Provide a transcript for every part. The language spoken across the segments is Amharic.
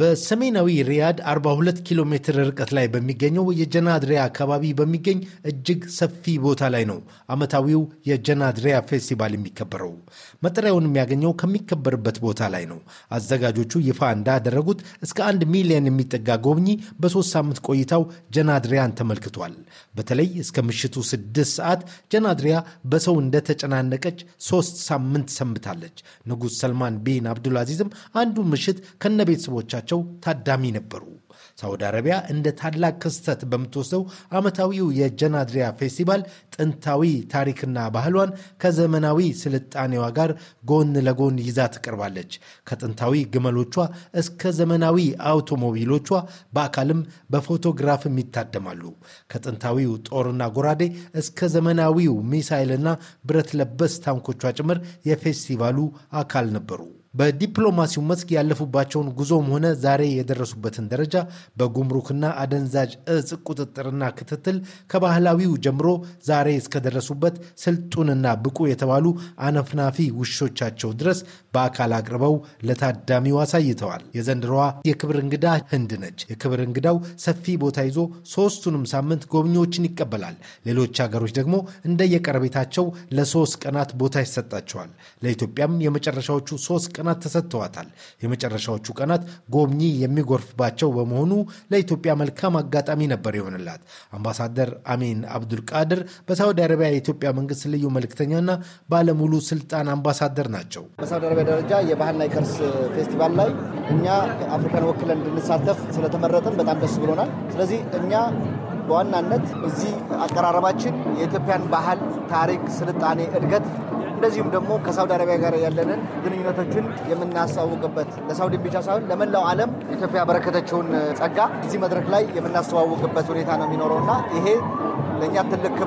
በሰሜናዊ ሪያድ 42 ኪሎ ሜትር ርቀት ላይ በሚገኘው የጀናድሪያ አካባቢ በሚገኝ እጅግ ሰፊ ቦታ ላይ ነው ዓመታዊው የጀናድሪያ ፌስቲቫል የሚከበረው። መጠሪያውን የሚያገኘው ከሚከበርበት ቦታ ላይ ነው። አዘጋጆቹ ይፋ እንዳደረጉት እስከ አንድ ሚሊዮን የሚጠጋ ጎብኚ በሶስት ሳምንት ቆይታው ጀናድሪያን ተመልክቷል። በተለይ እስከ ምሽቱ ስድስት ሰዓት ጀናድሪያ በሰው እንደተጨናነቀች ሶስት ሳምንት ሰንብታለች። ንጉሥ ሰልማን ቢን አብዱል አዚዝም አንዱ ምሽት ከነ ቤተሰቦቻቸው ያላቸው ታዳሚ ነበሩ። ሳውዲ አረቢያ እንደ ታላቅ ክስተት በምትወስደው ዓመታዊው የጀናድሪያ ፌስቲቫል ጥንታዊ ታሪክና ባህሏን ከዘመናዊ ስልጣኔዋ ጋር ጎን ለጎን ይዛ ትቀርባለች። ከጥንታዊ ግመሎቿ እስከ ዘመናዊ አውቶሞቢሎቿ በአካልም በፎቶግራፍም ይታደማሉ። ከጥንታዊው ጦርና ጎራዴ እስከ ዘመናዊው ሚሳይልና ብረት ለበስ ታንኮቿ ጭምር የፌስቲቫሉ አካል ነበሩ። በዲፕሎማሲው መስክ ያለፉባቸውን ጉዞም ሆነ ዛሬ የደረሱበትን ደረጃ በጉምሩክና አደንዛዥ እጽ ቁጥጥርና ክትትል ከባህላዊው ጀምሮ ዛሬ እስከደረሱበት ስልጡንና ብቁ የተባሉ አነፍናፊ ውሾቻቸው ድረስ በአካል አቅርበው ለታዳሚው አሳይተዋል። የዘንድሮዋ የክብር እንግዳ ህንድ ነች። የክብር እንግዳው ሰፊ ቦታ ይዞ ሶስቱንም ሳምንት ጎብኚዎችን ይቀበላል። ሌሎች ሀገሮች ደግሞ እንደየቀረቤታቸው ለሶስት ቀናት ቦታ ይሰጣቸዋል። ለኢትዮጵያም የመጨረሻዎቹ ሶስት ቀናት ቀናት ተሰጥተዋታል። የመጨረሻዎቹ ቀናት ጎብኚ የሚጎርፍባቸው በመሆኑ ለኢትዮጵያ መልካም አጋጣሚ ነበር ይሆንላት። አምባሳደር አሚን አብዱልቃድር በሳውዲ አረቢያ የኢትዮጵያ መንግስት ልዩ መልክተኛና ባለሙሉ ስልጣን አምባሳደር ናቸው። በሳውዲ አረቢያ ደረጃ የባህልና የቅርስ ፌስቲቫል ላይ እኛ አፍሪካን ወክለን እንድንሳተፍ ስለተመረጥን በጣም ደስ ብሎናል። ስለዚህ እኛ በዋናነት እዚህ አቀራረባችን የኢትዮጵያን ባህል፣ ታሪክ፣ ስልጣኔ፣ እድገት እንደዚሁም ደግሞ ከሳውዲ አረቢያ ጋር ያለንን ግንኙነቶችን የምናስተዋውቅበት ለሳውዲ ብቻ ሳይሆን ለመላው ዓለም ኢትዮጵያ ያበረከተችውን ጸጋ እዚህ መድረክ ላይ የምናስተዋውቅበት ሁኔታ ነው የሚኖረው እና ይሄ ለእኛ ትልቅ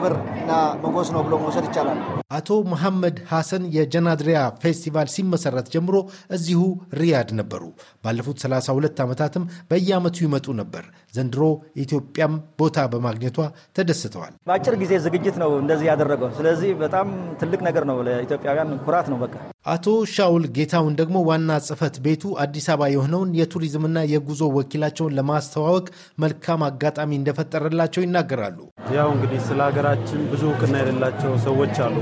እና መጎስ ነው ብሎ መውሰድ ይቻላል። አቶ መሐመድ ሐሰን የጀናድሪያ ፌስቲቫል ሲመሰረት ጀምሮ እዚሁ ሪያድ ነበሩ። ባለፉት 32 ዓመታትም በየዓመቱ ይመጡ ነበር። ዘንድሮ ኢትዮጵያም ቦታ በማግኘቷ ተደስተዋል። በአጭር ጊዜ ዝግጅት ነው እንደዚህ ያደረገው። ስለዚህ በጣም ትልቅ ነገር ነው፣ ለኢትዮጵያውያን ኩራት ነው። በቃ አቶ ሻውል ጌታውን ደግሞ ዋና ጽህፈት ቤቱ አዲስ አበባ የሆነውን የቱሪዝምና የጉዞ ወኪላቸውን ለማስተዋወቅ መልካም አጋጣሚ እንደፈጠረላቸው ይናገራሉ። ያው እንግዲህ ስለ ሀገራችን ብዙ እውቅና የሌላቸው ሰዎች አሉ።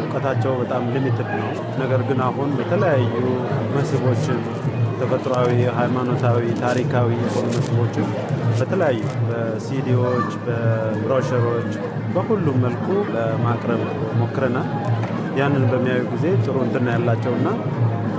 እውቀታቸው በጣም ሊሚትድ ነው። ነገር ግን አሁን የተለያዩ መስህቦችን ተፈጥሯዊ፣ ሃይማኖታዊ፣ ታሪካዊ የሆኑ መስህቦችን በተለያዩ በሲዲዎች፣ በብሮሸሮች፣ በሁሉም መልኩ ለማቅረብ ሞክረናል። ያንን በሚያዩ ጊዜ ጥሩ እንትና ያላቸውና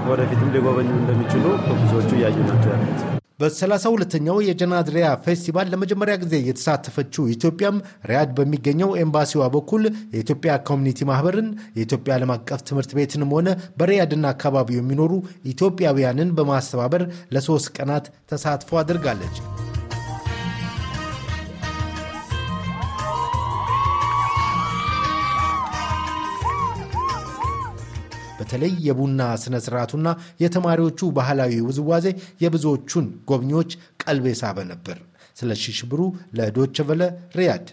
ወደፊትም ሊጎበኙ እንደሚችሉ ብዙዎቹ እያዩ ናቸው ያሉት። በ32ኛው የጀናድሪያ ፌስቲቫል ለመጀመሪያ ጊዜ የተሳተፈችው ኢትዮጵያም ሪያድ በሚገኘው ኤምባሲዋ በኩል የኢትዮጵያ ኮሚኒቲ ማህበርን የኢትዮጵያ ዓለም አቀፍ ትምህርት ቤትንም ሆነ በሪያድና አካባቢው የሚኖሩ ኢትዮጵያውያንን በማስተባበር ለሶስት ቀናት ተሳትፎ አድርጋለች። በተለይ የቡና ስነ ስርዓቱና የተማሪዎቹ ባህላዊ ውዝዋዜ የብዙዎቹን ጎብኚዎች ቀልብ የሳበ ነበር። ስለሺ ሽብሩ ሪያድ